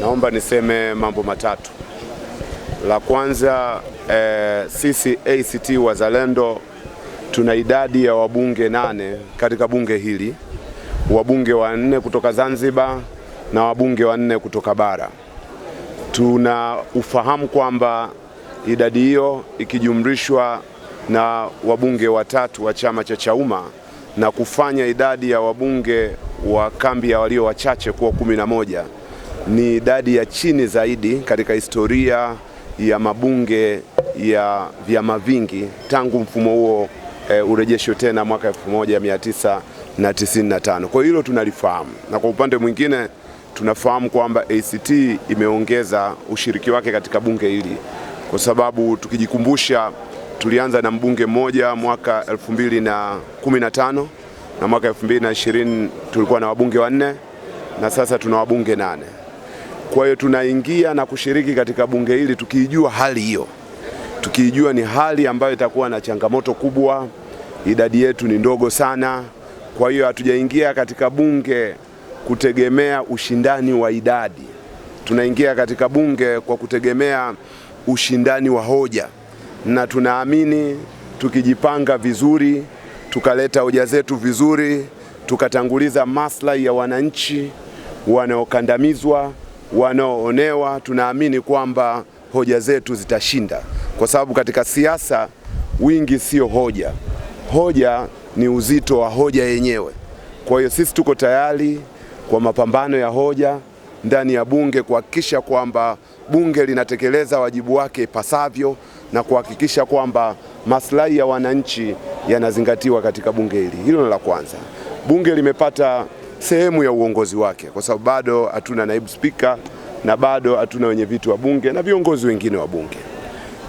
Naomba niseme mambo matatu. La kwanza eh, sisi ACT Wazalendo tuna idadi ya wabunge nane katika bunge hili, wabunge wanne kutoka Zanzibar na wabunge wanne kutoka bara. Tuna ufahamu kwamba idadi hiyo ikijumlishwa na wabunge watatu wa chama cha Chauma na kufanya idadi ya wabunge wa kambi ya walio wachache kuwa kumi na moja ni idadi ya chini zaidi katika historia ya mabunge ya vyama vingi tangu mfumo huo e, urejeshwe tena mwaka 1995. Kwa hiyo hilo tunalifahamu, na kwa upande mwingine tunafahamu kwamba ACT imeongeza ushiriki wake katika bunge hili, kwa sababu tukijikumbusha, tulianza na mbunge mmoja mwaka 2015 na mwaka 2020 tulikuwa na wabunge wanne na sasa tuna wabunge nane. Kwa hiyo tunaingia na kushiriki katika bunge hili tukiijua hali hiyo, tukiijua ni hali ambayo itakuwa na changamoto kubwa, idadi yetu ni ndogo sana. Kwa hiyo hatujaingia katika bunge kutegemea ushindani wa idadi, tunaingia katika bunge kwa kutegemea ushindani wa hoja, na tunaamini tukijipanga vizuri, tukaleta hoja zetu vizuri, tukatanguliza maslahi ya wananchi wanaokandamizwa wanaoonewa. Tunaamini kwamba hoja zetu zitashinda, kwa sababu katika siasa wingi sio hoja, hoja ni uzito wa hoja yenyewe. Kwa hiyo sisi tuko tayari kwa mapambano ya hoja ndani ya bunge kuhakikisha kwamba bunge linatekeleza wajibu wake ipasavyo na kuhakikisha kwamba maslahi ya wananchi yanazingatiwa katika bunge hili. Hilo ni la kwanza. Bunge limepata sehemu ya uongozi wake, kwa sababu bado hatuna naibu spika na bado hatuna wenye viti wa bunge na viongozi wengine wa bunge.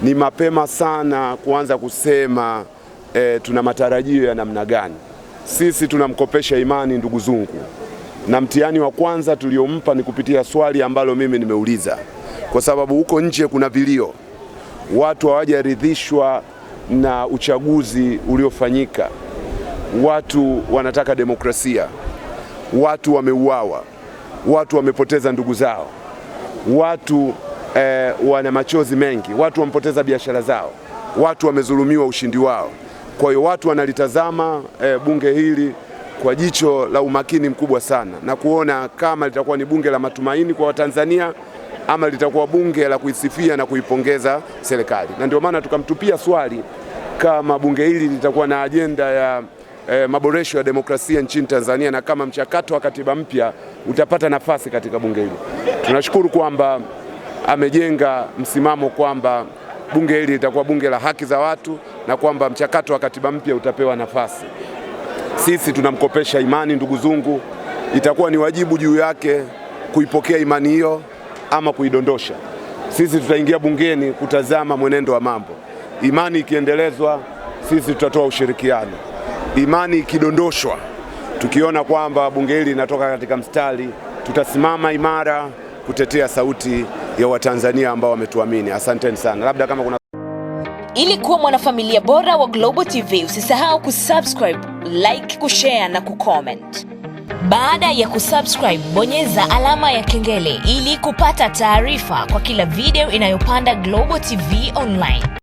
Ni mapema sana kuanza kusema e, tuna matarajio ya namna gani. Sisi tunamkopesha imani ndugu zungu, na mtihani wa kwanza tuliompa ni kupitia swali ambalo mimi nimeuliza, kwa sababu huko nje kuna vilio, watu hawajaridhishwa na uchaguzi uliofanyika, watu wanataka demokrasia watu wameuawa, watu wamepoteza ndugu zao, watu eh, wana machozi mengi, watu wamepoteza biashara zao, watu wamezulumiwa ushindi wao. Kwa hiyo watu wanalitazama eh, bunge hili kwa jicho la umakini mkubwa sana na kuona kama litakuwa ni bunge la matumaini kwa Watanzania ama litakuwa bunge la kuisifia na kuipongeza serikali, na ndio maana tukamtupia swali kama bunge hili litakuwa na ajenda ya e, maboresho ya demokrasia nchini Tanzania na kama mchakato wa katiba mpya utapata nafasi katika bunge hili. Tunashukuru kwamba amejenga msimamo kwamba bunge hili litakuwa bunge la haki za watu na kwamba mchakato wa katiba mpya utapewa nafasi. Sisi tunamkopesha imani ndugu zungu, itakuwa ni wajibu juu yake kuipokea imani hiyo ama kuidondosha. Sisi tutaingia bungeni kutazama mwenendo wa mambo. Imani ikiendelezwa, sisi tutatoa ushirikiano imani ikidondoshwa, tukiona kwamba bunge hili linatoka katika mstari, tutasimama imara kutetea sauti ya Watanzania ambao wametuamini. Asanteni sana. Labda kama kuna ili kuwa mwanafamilia bora wa Global TV usisahau kusubscribe, like, kushare na kucomment. Baada ya kusubscribe, bonyeza alama ya kengele ili kupata taarifa kwa kila video inayopanda Global TV Online.